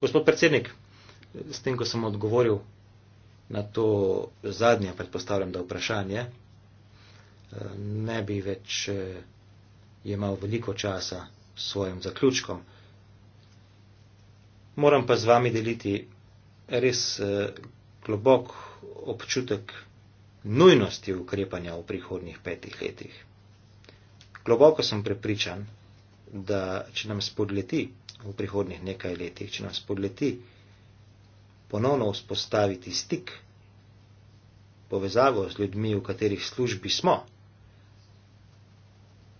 Gospod predsednik, s tem, ko sem odgovoril na to zadnje, predpostavljam, da vprašanje, ne bi več imel eh, veliko časa s svojim zaključkom. Moram pa z vami deliti res eh, globok občutek nujnosti ukrepanja v prihodnih petih letih. Globoko sem prepričan, da če nam spodleti v prihodnih nekaj letih, če nas podleti, ponovno vzpostaviti stik, povezavo z ljudmi, v katerih službi smo,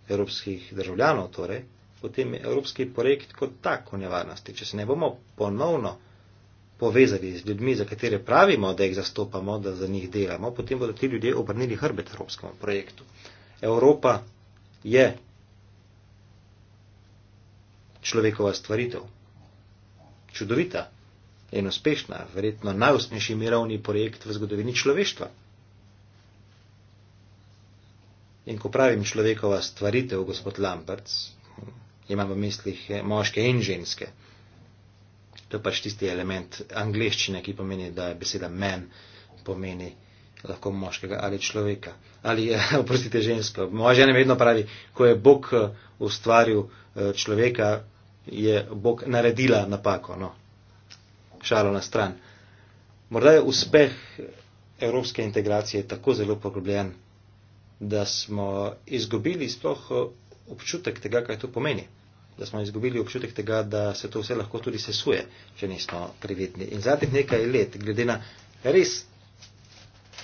evropskih državljanov torej, potem je evropski projekt kot tako nevarnosti. Če se ne bomo ponovno povezali z ljudmi, za katere pravimo, da jih zastopamo, da za njih delamo, potem bodo ti ljudje obrnili hrbet evropskemu projektu. Evropa je človekova stvaritev. Čudovita in uspešna, verjetno najuspešnejši mirovni projekt v zgodovini človeštva. In ko pravim človekova stvaritev, gospod Lamberts, imam v mislih eh, moške in ženske. To je pač tisti element angleščine, ki pomeni, da je beseda men, pomeni lahko moškega ali človeka. Ali, eh, oprostite, žensko. Moja žena vedno pravi, ko je Bog eh, ustvaril človeka, je Bog naredila napako. No. Šalo na stran. Morda je uspeh evropske integracije tako zelo poglobljen, da smo izgubili sploh eh, občutek tega, kaj to pomeni. Da smo izgubili občutek tega, da se to vse lahko tudi sesuje, če nismo previdni. In zadnjih nekaj let, glede na res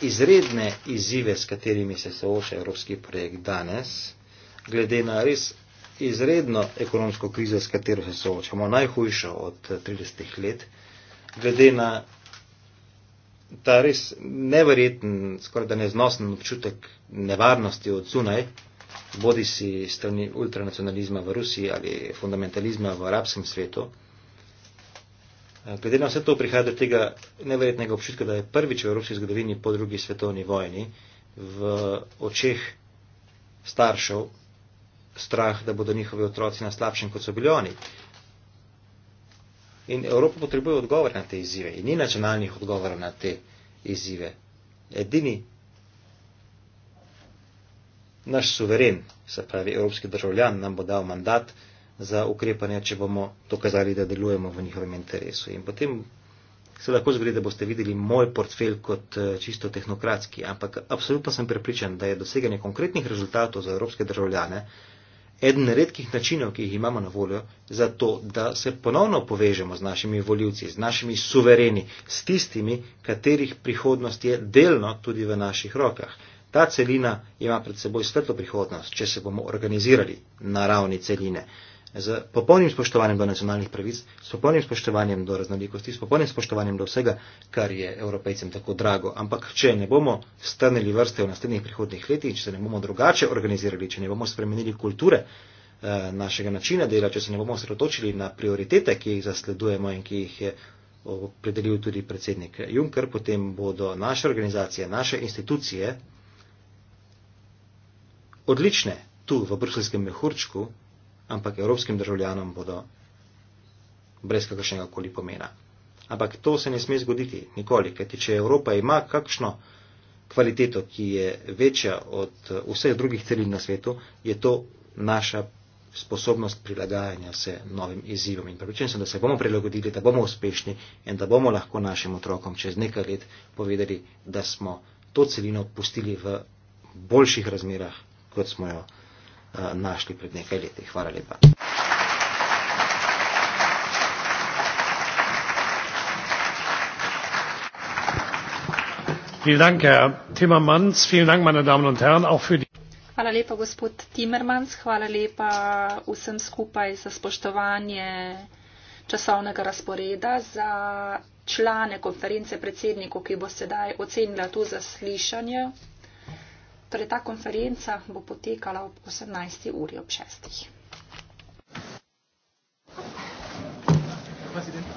izredne izzive, s katerimi se sooča evropski projekt danes, glede na res izredno ekonomsko krizo, s katero se soočamo, najhujšo od 30 let, glede na ta res neverjeten, skoraj da neznosen občutek nevarnosti od zunaj, bodi si strani ultranacionalizma v Rusiji ali fundamentalizma v arabskem svetu. Glede na vse to prihaja do tega neverjetnega občutka, da je prvič v evropski zgodovini po drugi svetovni vojni v očeh staršev strah, da bodo njihovi otroci na slabšem, kot so bili oni. In Evropa potrebuje odgovore na te izzive in ni nacionalnih odgovorov na te izzive. Edini naš suveren, se pravi evropski državljan, nam bo dal mandat za ukrepanje, če bomo dokazali, da delujemo v njihovem interesu. In potem se lahko zgodi, da boste videli moj portfelj kot eh, čisto tehnokratski, ampak absolutno sem prepričan, da je doseganje konkretnih rezultatov za evropske državljane, eden redkih načinov, ki jih imamo na voljo, za to, da se ponovno povežemo z našimi voljivci, z našimi suvereni, s tistimi, katerih prihodnost je delno tudi v naših rokah. Ta celina ima pred seboj svetlo prihodnost, če se bomo organizirali na ravni celine z popolnim spoštovanjem do nacionalnih pravic, s popolnim spoštovanjem do raznolikosti, s popolnim spoštovanjem do vsega, kar je evropejcem tako drago. Ampak če ne bomo strnili vrste v naslednjih prihodnih letih, če se ne bomo drugače organizirali, če ne bomo spremenili kulture eh, našega načina dela, če se ne bomo osredotočili na prioritete, ki jih zasledujemo in ki jih je opredelil tudi predsednik Juncker, potem bodo naše organizacije, naše institucije odlične tu v bruselskem mehurčku, ampak evropskim državljanom bodo brez kakršnega koli pomena. Ampak to se ne sme zgoditi nikoli, kajti če Evropa ima kakšno kvaliteto, ki je večja od eh, vseh drugih celin na svetu, je to naša sposobnost prilagajanja se novim izzivom. In pripričan sem, da se bomo prilagodili, da bomo uspešni in da bomo lahko našim otrokom čez nekaj let povedali, da smo to celino pustili v boljših razmerah, kot smo jo. Eh, našli pred nekaj leti. Hvala lepa. Hvala lepa, gospod Timmermans. Hvala lepa vsem skupaj za spoštovanje časovnega razporeda, za člane konference predsednikov, ki bo sedaj ocenila to zaslišanje. Torej, ta konferenca bo potekala ob 18. uri ob 6. President.